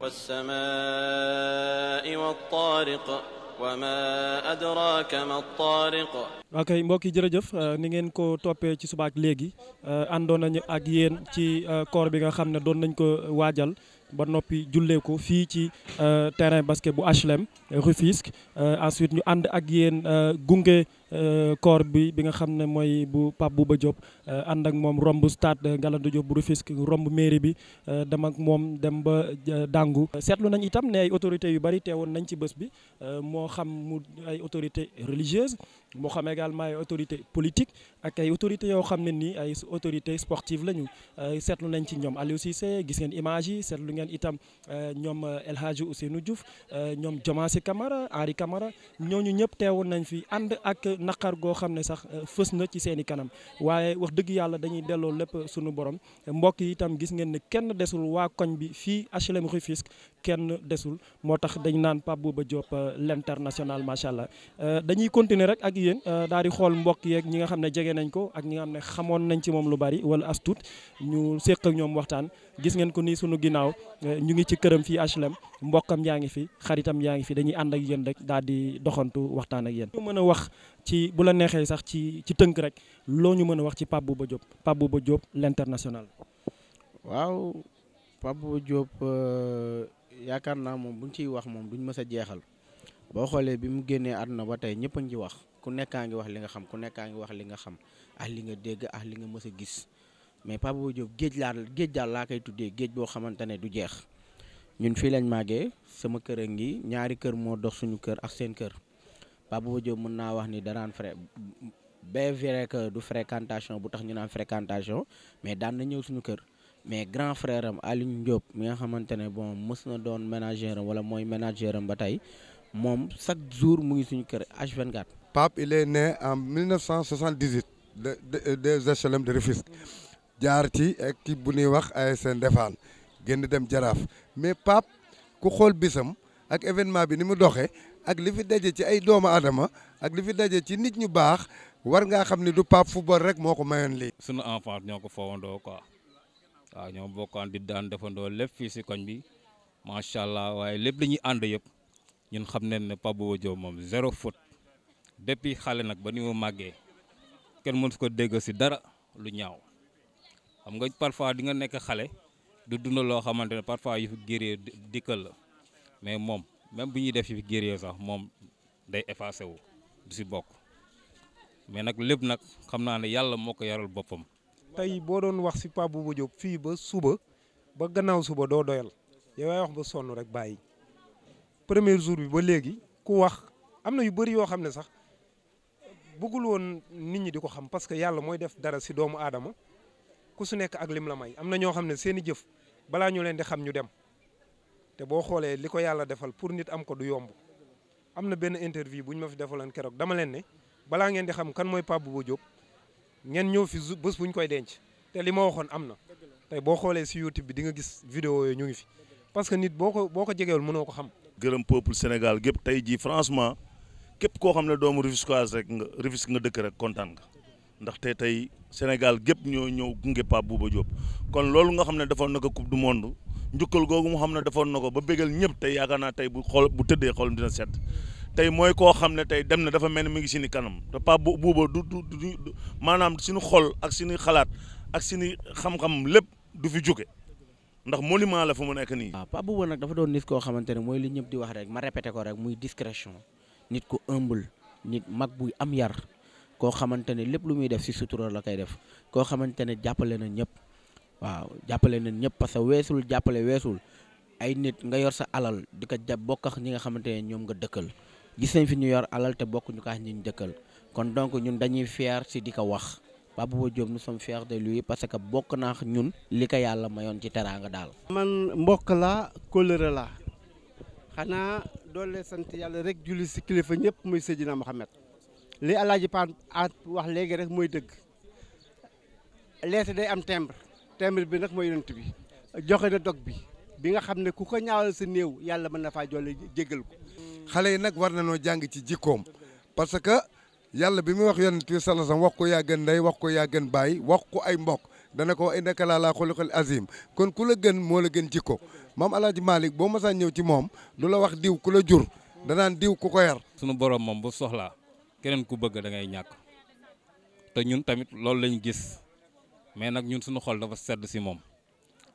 والسماء والطارق وما mbokk yi jërëjëf euh, ni ngeen ko toppee ci subaak léegi euh, àndoon nañu ak yéen ci euh, koor bi nga xam ne doon nañ ko waajal ba noppi jullee ko fii ci terrain basket bu HLM Rufisque ensuite ñu ànd ak yéen gunge Euh, corps bi bi nga xam ne mooy bu Pape Bouba Diop euh, ànd ak moom romb stade Ngalandou Diop bu Rufisque romb mairie bi euh, dem ak moom dem ba dàngu seetlu nañ itam ne ay autorités yu bari teewoon nañ ci bës bi moo xam mu ay autorités religieuses moo xam également ay autorité politique ak ay autorités yoo xam ne nii ay autorités sportives lañu seetlu nañ ci ñoom Aliou Cissé gis ngeen image yi seetlu ngeen itam ñoom El Hadji Ousseynou Diouf ñoom Diomansy Kamara Henri Camara ñooñu ñëpp teewoon nañ naqar goo xam ne sax euh, fës na ci seeni kanam waaye wax dëgg yàlla dañuy delloo lépp suñu borom mbokk yi itam gis ngeen ne kenn desul waa koñ bi fii HLM Rufisque kenn desul moo tax dañ naan Pape Bouba Diop euh, l'international macha allah euh, dañuy continuer rek ak yéen daal di xool mbokk yeeg ñi nga xam ne jege nañ ko ak ñi nga ne xamoon nañ ci moom lu bari wala as ñu séq ñoom waxtaan gis ngeen ko nii sunu ginnaaw ñu ngi ci këram fii HLM mbokkam yaa ngi fi xaritam yaa ngi fi dañuy ànd ak yéen rek daal di doxantu waxtaan ak yéen. mën a wax ci bu la neexee sax ci ci tënk rek loo ñu mën a wax ci Pape Bouba Diop Pape Bouba Diop l'international. waaw Pape Bouba Diop euh, yaakaar naa moom buñ ciy wax moom duñ mës a jeexal boo xoolee bi mu génnee àdduna ba tey ñëpp a wax ku nekkaa ngi wax li nga xam ku nekkaa ngi wax li nga xam ak ah, li nga dégg ak ah, li nga mës a gis mais Pape Bouba Diop géej laa géej daal laa koy tuddee géej boo xamante ne du jeex ñun fii lañ màggee sama kër a ngi ñaari kër moo dox suñu kër ak seen kër. Pape Bouba Diop mën naa wax ni danaan fré bien vrai que du fréquentation bu tax ñu naan fréquentation mais daan na ñëw suñu kër mais grand frère am Alioune Diop mi nga xamante ne bon mës na doon ménager wala mooy ménager am ba tey moom chaque jour mu ngi suñu kër H24. Pape il est né en 1978 de de euh, des HLM de Rufisque jaar ci équipe bu ñuy wax ASC Ndefane génn dem Jaraaf mais Pape ku xool bisam ak événement bi ni mu doxee. ak li fi daje ci ay doomu aadama ak li fi daje ci nit ñu baax war ngaa xam ni du Pape football rek moo ko mayoon lii. sunu enfance ñoo ko fowandoo quoi waaw ñoo bokkaan di daan defandoo lépp fii si koñ bi macha allah waaye lépp lañuy ànd yëpp ñun xam nañ ne Pape Bouba Diop moom zéro foot depuis xale nag ba ni mu màggee kenn mën su ko dégga si dara lu ñaaw xam nga parfois di nga nekk xale du dund loo xamante ne parfois yu fi géree dikkal la mais moom. même bi ñuy def fi guerrier sax moom day effacé wu du si bokk mais nag lépp nag xam naa ne yàlla moo ko yaral boppam. tey boo doon wax si Pape Bouba Diop fii ba suba ba gannaaw suba doo doyal yow yaay wax ba sonn rek bàyyi premier jour bi ba léegi ku wax am na yu bëri yoo xam ne sax bëggul woon nit ñi di ko xam parce que yàlla mooy def dara si doomu aadama ku su nekk ak lim la may am na ñoo xam ne seen i jëf balaa ñu leen di xam ñu dem. te boo xoolee li ko yàlla defal pour nit am ko du yomb am na benn interview bu ñu ma fi defaloon keroog dama leen ne balaa ngeen di xam kan mooy Pape Bouba Diop ngeen ñëw fi bés bu ñu koy denc li ma waxoon am na boo xoolee si YouTube bi di nga gis video yooyu ñu ngi fi parce que nit boo ko boo ko jegewul mënoo ko xam. gërëm peuple Sénégal gépp tey jii francement képp koo xam ne doomu Rufisquoise rek nga Rufisque nga dëkk rek kontaan nga ndaxte tey Sénégal gépp ñoo ñëw gunge Pape buuba Diop kon loolu nga xam ne defoon na ko coupe du monde. njukkal googu mu xam ne defoon na ko ba bégal ñëpp tey yaakaar naa tey bu xool bu tëddee xoolam dina sedd tey mooy koo xam ne tey dem na dafa mel ni mi ngi si ni kanam te Pape Bouba du du maanaam suñu xol ak suñu xalaat ak suñu xam lépp du fi jóge ndax monument la fu mu nekk nii. waaw Pape Bouba nag dafa doon nit koo xamante ne mooy li ñëpp di wax rek ma répété ko rek muy discrétion nit ku humble nit mag buy am yar koo xamante ne lépp lu muy def si sutura la koy def koo xamante ne jàppale na ñëpp. waaw jàppale nañ ñëpp parce que weesul jàppale weesul ay nit nga yor sa alal di ko ja bokkax ñi nga xamante ne ñoom nga dëkkal gis nañ fi ñu yor alal te bokk ñu kaax ñi ñu dëkkal kon donc ñun dañuy fier si di ko wax Pape Bouba Diop nous sommes fiers de lui parce que bokk naa ñun li ko yàlla mayoon ci teraanga daal. man mbokk la kóllëre la xanaa doole sant yàlla rek julli si kilifa ñëpp muy Seydina Mohamed li Alaaji Paan at wax léegi rek mooy dëgg lettre day am timbre. téeméer bi nag mooy yonent bi joxe na dog bi bi nga xam ne ku ko ñaawal si néew yàlla mën na faa jolle jéggal ko xale yi nag war na nañoo jàng ci jikkoom parce que yàlla bi muy wax yonent bi sallallahu alayhi wax ko yaa gën ndey wax ko yaa gën bàyyi wax ko ay mbokk dana ko indaka laa laa xuluqal azim kon ku la gën moo la gën jikko maam alaaj Malick boo masaa ñëw ci moom lu la wax diw ku la jur danaan diw ku ko yar sunu borom moom bu soxlaa keneen ku bëgg da ngay ñàkk te ñun loolu lañ gis mais nag ñun suñu xol dafa sedd si moom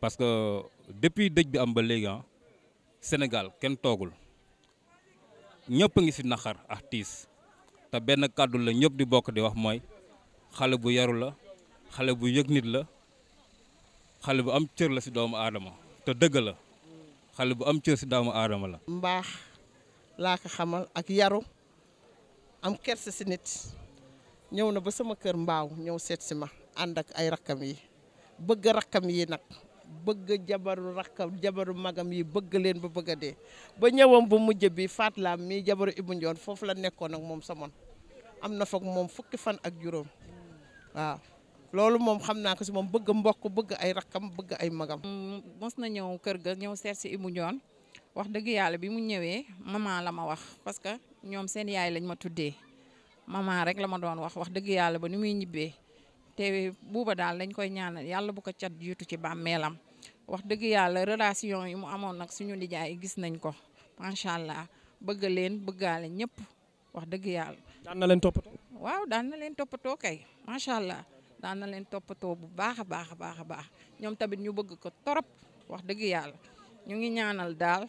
parce que depuis dëj bi am ba léegi ah Sénégal kenn toogul ñëpp a ngi si naxar ak tiis te benn kàddu la ñëpp di bokk di wax mooy xale bu yaru la xale bu yëg nit la xale bu am cër la si doomu aadama te dëgg la xale bu am cër si doomu aadama la. mbaax laa ko xamal ak yaru am kersa si nit ñëw na ba sama kër mbaaw ñëw seet si ma. ànd ak ay rakkam yi bëgg rakkam yi nag bëgg jabaru rakkam jabaru magam yi bëgg leen ba bëgg a dee ba ñëwam bu mujj bi faat laam mii jabaru Ibou Ndione foofu la nekkoon ak moom samoon am na foog moom fukki fan ak juróom waaw loolu moom xam naa ko si moom bëgg mbokk bëgg ay rakkam bëgg ay magam. Mm, mos na ñëw kër ga ñëw seet si Ibou wax dëgg yàlla bi mu ñëwee maman la ma wax parce que ñoom seen yaay lañ ma tuddee maman rek la ma doon wax wax dëgg yàlla ba ni muy ñibbee. te buuba daal dañ koy ñaanal yàlla bu ko cat jiitu ci bàmmeelam wax dëgg yàlla relation yi mu amoon nag suñu nijaay gis nañ ko macha allah bëgg leen bëggaale ñëpp wax dëgg yàlla. daan na leen toppatoo. waaw daan na leen toppatoo kay macha allah daan na leen toppatoo bu baax a baax a baax a baax ñoom tamit ñu bëgg ko torop wax dëgg yàlla ñu ngi ñaanal daal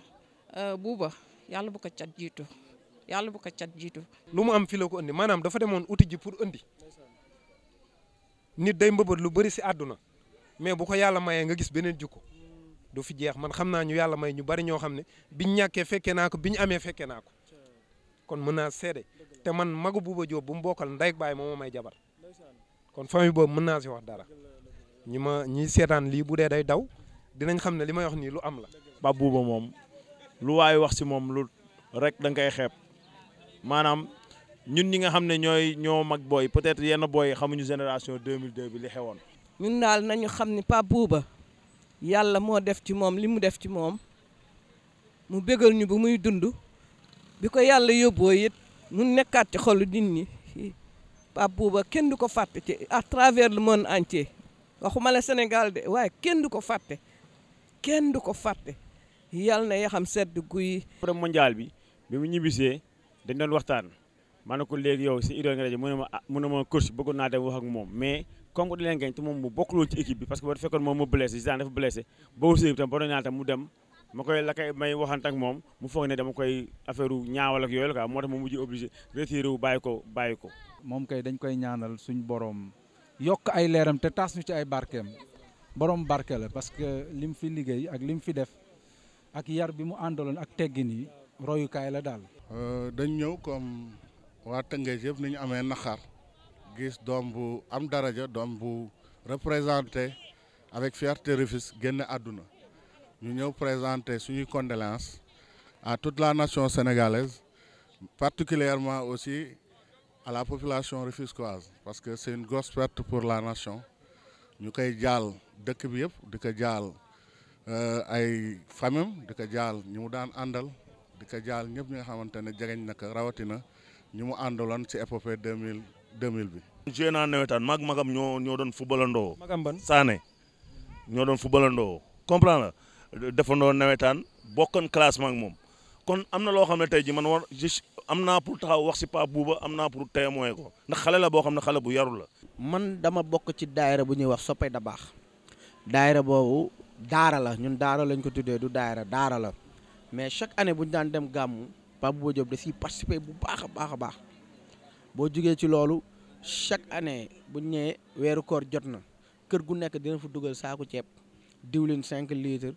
euh, buuba yàlla bu ko cat jiitu yàlla bu ko cat jiitu. lu mu am fi la ko indi maanaam dafa demoon uti ji pour indi. nit day mbëbët lu bari si àdduna mais bu ko yàlla mayee nga gis beneen jikko du fi jeex man xam naa ñu yàlla may ñu bari ñoo xam ne bi ñu ñàkkee fekkee naa ko biñ amee fekkee naa ko kon mën naa seede te man magu buuba Diop bu mu bokkal ndey baay moo may jabar kon famille boobu mën naa si wax dara ñi ma ñiy seetaan lii bu dee day daw dinañ xam ne li may wax nii lu am la. ba buuba moom lu waaye wax si moom lu rek da nga koy xeeb maanaam. ñun ñi nga xam ne ñooy ñoo mag booy peut-être yenn booy xamuñu génération deux 2002 bi li xewoon. ñun daal nañu xam ni Pape Bouba yàlla moo def ci moom li mu def ci moom mu bégal ñu bu muy dund bi ko yàlla yóbboo it mu nekkaat ci xolu nit ñi Pape Bouba kenn du ko fàtte ci à travers le monde entier waxuma la Sénégal de waaye kenn du ko fàtte kenn du ko fàtte yàlla na ya xam sedd guy. mondial bi bi mu ñibbisee dañ doon waxtaan. ma ne ko léegi yow si idole nga daje mu ne ma ah mu ne ma coach bëggoon naa dem wax ak moom mais comme que di leen te moom mu bokkul woon ci équipe bi parce que ba fekkoon moom ma blessé Zidane dafa blessé boobu si ba doon ñaan mu dem ma koy la koy may waxante ak moom mu foog ne dama koy affaire u ñaawal ak yooyu la bàyyi ko moom kay dañ koy ñaanal suñu boroom yokk ay leeram te taas ñu ci ay barkeem borom barke la parce que li mu fi liggéey ak li mu fi def ak yar bi mu àndaloon ak teggin yi royukaay la daal. Euh, dañ ñëw comme. waa Tëngéej yëpp ni ñu amee naxar gis doom bu am daraja doom bu représenté avec fierté Rufisque génn àdduna ñu ñëw présenter suñuy condoléances à toute la nation sénégalaise particulièrement aussi à la population rufisquoise parce que c'est une grosse pour la nation ñu koy jaal dëkk bi yëpp di ko jaal euh, ay famille di ko jaal ñu mu daan àndal di ko jaal ñëpp ñi nga xamante ne jegeñ na rawatina ñu mu àndaloon ci épopée deux mille deux mille bi. joué naa nawetaan mag magam ñoo ñoo doon footballandoo. magam ban Sané ñoo doon footballandoo comprendre la defandoo nawetaan bokkan classe mag moom kon am na loo xam ne tey ji man war am naa pour taxaw wax si Pape Bouba am naa pour témoin ko ndax xale la boo xam ne xale bu yarul la. man dama bokk ci daayira bu ñuy wax soppay da baax daayira boobu daara la ñun daara lañ ko tuddee du daayira daara la mais chaque année bu ñu daan dem gàmmu. Pape Bouba Diop da siy participer bu baax a baax a baax boo jógee ci loolu chaque année bu ñëwee weeru koor jot na kër gu nekk dina fu dugal saaku ceeb diwlin 5 litres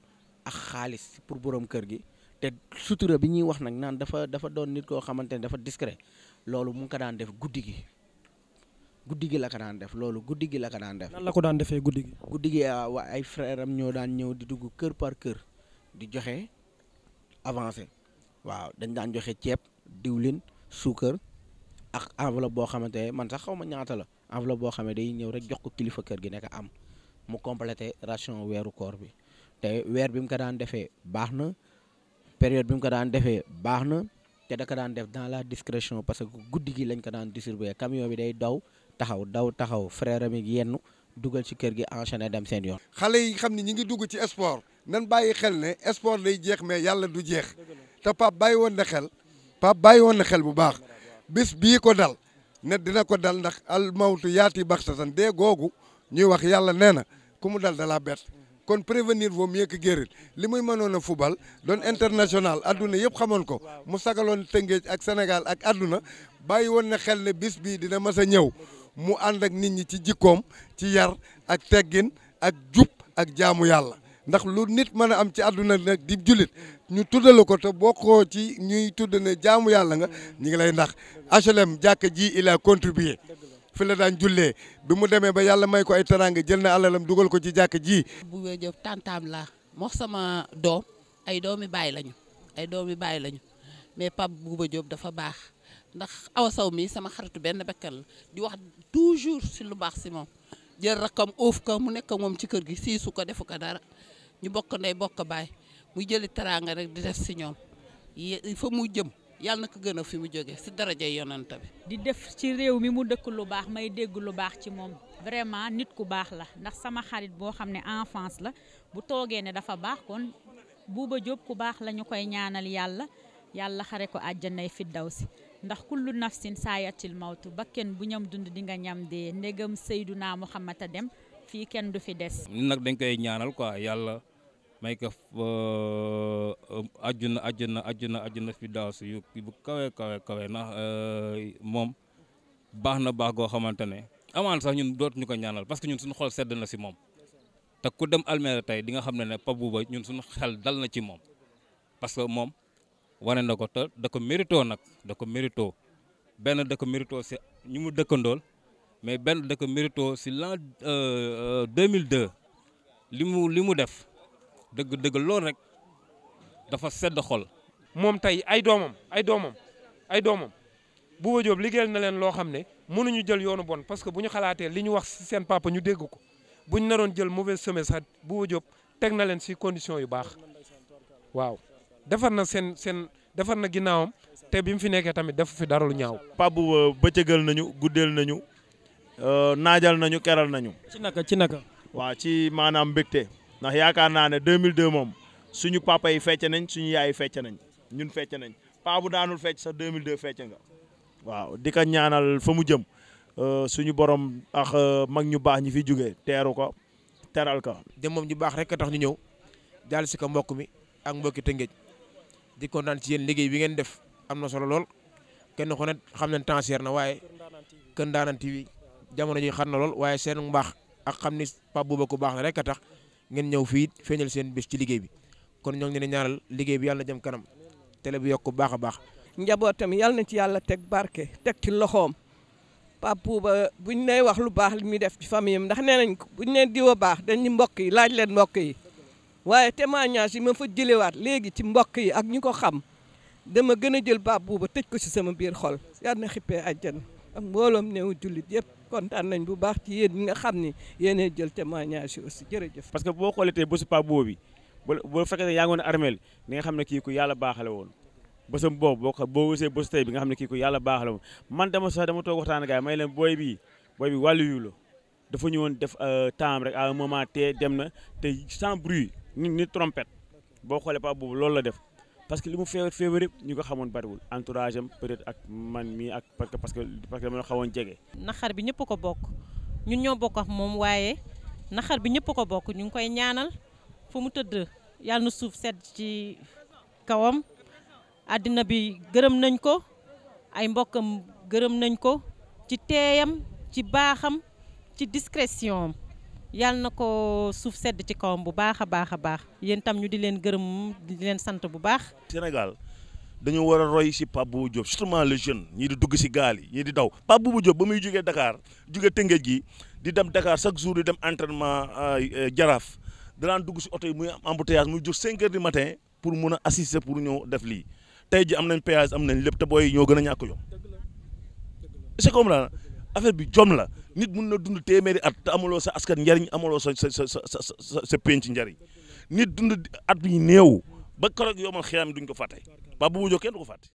ak xaalis pour borom kër gi te sutura bi ñuy wax nag naan dafa dafa doon nit koo xamante ne dafa discret loolu mu ko daan def guddi gi guddi gi la ko daan def loolu guddi gi la ko daan def. nan la ko daan defee guddi gi. guddi gi ah, waa ay frère am ñoo daan ñëw di dugg kër par kër di joxe avancé. waaw dañ daan joxe ceeb diwlin suukar ak enveloppe boo xamante ne man sax xaw ma ñaata la enveloppe boo xam ne day ñëw rek jox ko kilifa kër gi nekk am mu complété ration weeru koor bi te weer bi mu ko daan defee baax na période bi mu ko daan defee baax na te da ko daan def dans la discrétion parce que guddi gi lañ ko daan distribuer camion bi day daw taxaw daw taxaw frère mi yenn dugal ci kër gi enchaîné dem seen yoon. xale yi xam ni ñi ngi dugg ci du jeex. te Pape bàyyi woon na xel Pape bàyyi woon na xel bu baax bis bii ko dal ne dina ko dal ndax al mawtu yaati baxtatan dee googu ñuy wax yàlla nee na ku mu dal dalaa bett kon prévenir vaut mieux que li muy mënoon a fubal doon international adduna yëpp xamoon ko mu sagaloon Tëngéej ak Sénégal ak adduna bàyyi woon na xel ne bis bii dina mas a ñëw mu ànd ak nit ñi ci jikkoom ci yar ak teggin ak jub ak jaamu yàlla ndax lu nit mën a am ci adduna nag di julit ñu tuddale ko te bokkoo ci ñuy tudd ne jaamu yàlla nga ñu ngi lay ndax HLM jàkk ji il a fi la daan jullee bi mu demee ba yàlla may ko ay teraanga jël na alalam dugal ko ci jàkk ji bu wéy jëf tantaam la moo sama doom ay doomi bàyyi lañu ay doomi bàyyi lañu mais Pape Bouba Diop dafa baax ndax awa saw mi sama xaritu benn bekkal la di wax toujours si lu baax si moom jël rakkam uuf ko mu nekk moom ci kër gi siisu ko defu ko dara ñu bokk ndey bokk baay muy jëli teraanga rek di def si ñoom fa mu jëm yàlla na ko gën a fi mu jóge si daraja yonent bi di def ci réew mi mu dëkk lu baax may dégg lu baax ci moom vraiment nit ku baax la ndax sama xarit boo xam ne enfance la bu toogee ne dafa baax kon Bouba Diop ku baax lañu koy ñaanal yàlla yàlla xare ko àjjanay si ndax kullu nafsin saayatil mawtu kenn bu ñam dund di nga ñam dee ndegam naa mu a dem fii kenn du fi des. nag dañ koy ñaanal quoi yàlla. may ko uh, um, àjjuna àjjuna àjjuna àjjuna fi daaw yu kawe kawe kawe uh, moom baax na baax goo xamante ne amaan sax ñun dootuñu ko ñaanal parce que ñun suñu xol sedd na si moom te ku dem almeere tey di nga xam ne ne Pape Bouba ñun suñu xel dal na ci moom parce que moom wane na ko te da ko mérito nag da ko benn da ko si ñu mu dëkkandool mais benn da si l'an 2002 euh, euh, li mu li mu def dëgg-dëgg loolu rek dafa sedd xol. moom tey ay doomam ay doomam ay doomam Bouba Diop liggéeyal na leen loo xam ne mënuñu jël yoonu bon parce que bu ñu xalaatee li ñu wax si seen papa ñu dégg ko bu ñu naroon jël mauvaise semence sax Bouba Diop teg na leen si condition yu baax waaw defar na seen seen defar na ginnaawam te bi mu fi nekkee tamit def fi dara lu ñaaw. Pape Bouba euh, bëccëgal nañu guddeel nañu euh, naajal nañu keral nañu. ci naka ci naka. waa ci maanaam mbégte. ndax yaakaar naa ne 2002 moom suñu papa yi fecce nañ suñu yaay yi fecce nañ ñun fecce nañ paa bu daanul fecc sax 2002 fecce nga waaw di ko ñaanal fa mu jëm euh, suñu borom ak euh, mag ñu baax ñu fi jógee teeru ko teral ko dem moom ñu baax rek a tax ñu ñëw daal si ko mbokk mi ak mbokki Tëngéej di kontaan ci yéen liggéey bi ngeen def am na solo lool kenn ku ne xam na waaye jamono ji xat na lool waaye seen mbaax ak xam ni Pape Bouba ku baax rek a tax ngeen ñëw fii feeñal seen bés ci liggéey bi kon ñoo ngi leen ñaaral liggéey bi yàlla na jëm kanam télé bi yokk bu baax a baax. njabootam yàlla na ci yàlla teg barke teg ci loxoom Pape Bouba buñ nee wax lu baax li muy def ci famille am ndax nee nañ buñ nee diwa baax dañ ni mbokk yi laaj leen mbokk yi waaye te témoignage yi ma fa jëlewaat léegi ci mbokk yi ak ñu ko xam dama gën a jël Pape Bouba tëj ko si sama biir xol yàlla na xippee àjjana ak mbooloom néew jullit yëpp. kontaan nañ bu baax ci yéen nga xam ni yéenay jël témoignage yi aussi jërëjëf. parce que boo xoolee tey bésu Pape boobu bi bu fekkee ne yaa ngi nga xam ne kii ku yàlla baaxale woon bésam boobu boo ko boo gisee bésu bi nga xam ne kii ku yàlla baaxale woon man dama sax dama toog waxtaan ak gars yi may leen booy bi booy bi wàllu yu la dafa ñëwoon def euh, temps rek à moment te dem na te sans bruit nit nit trompette boo xoolee Pape boobu loolu la def. parce que li mu feebar feebar ñu ko xamoon bariwul entourage am peut-être ak man mii ak parce que parce que parce que dama xawoon jege. naxar bi ñëpp ko bokk ñun ñoo bokk ak moom waaye naxar bi ñëpp ko bokk ñu ngi koy ñaanal fu mu tëdd yàlla na suuf sedd ci kawam àddina bi gërëm nañ ko ay mbokkam gërëm nañ ko ci teeyam ci baaxam ci discrétion yàlla na ko suuf sedd ci kawam bu baax a baax a baax yéen tam ñu di leen gërëm di leen sant bu baax. Sénégal dañu war a roy si Pape bu Diop surtout les jeunes ñii di dugg si gaal yi ñii di daw Pape Bouba Diop ba muy jógee dakaar jugee Tëngéej gi di dem Dakar chaque jour di dem entrainement euh, jaraaf danaan dugg si oto yi muy am embouteillage muy jóg 5 heures di matin pour mun a assister pour ñëw def lii tey ji am nañ péage am nañ lépp te booy ñoo gën a ñàkk yom affaire bi jom la nit mun na dund téeméeri at te amaloo sa askan njariñ amaloo sa sa sa sa sa penc njariñ nit dund at yu néew ba keroog yomal xiyam duñ ko fàtte Pape Bouba Diop kenn du ko fàtte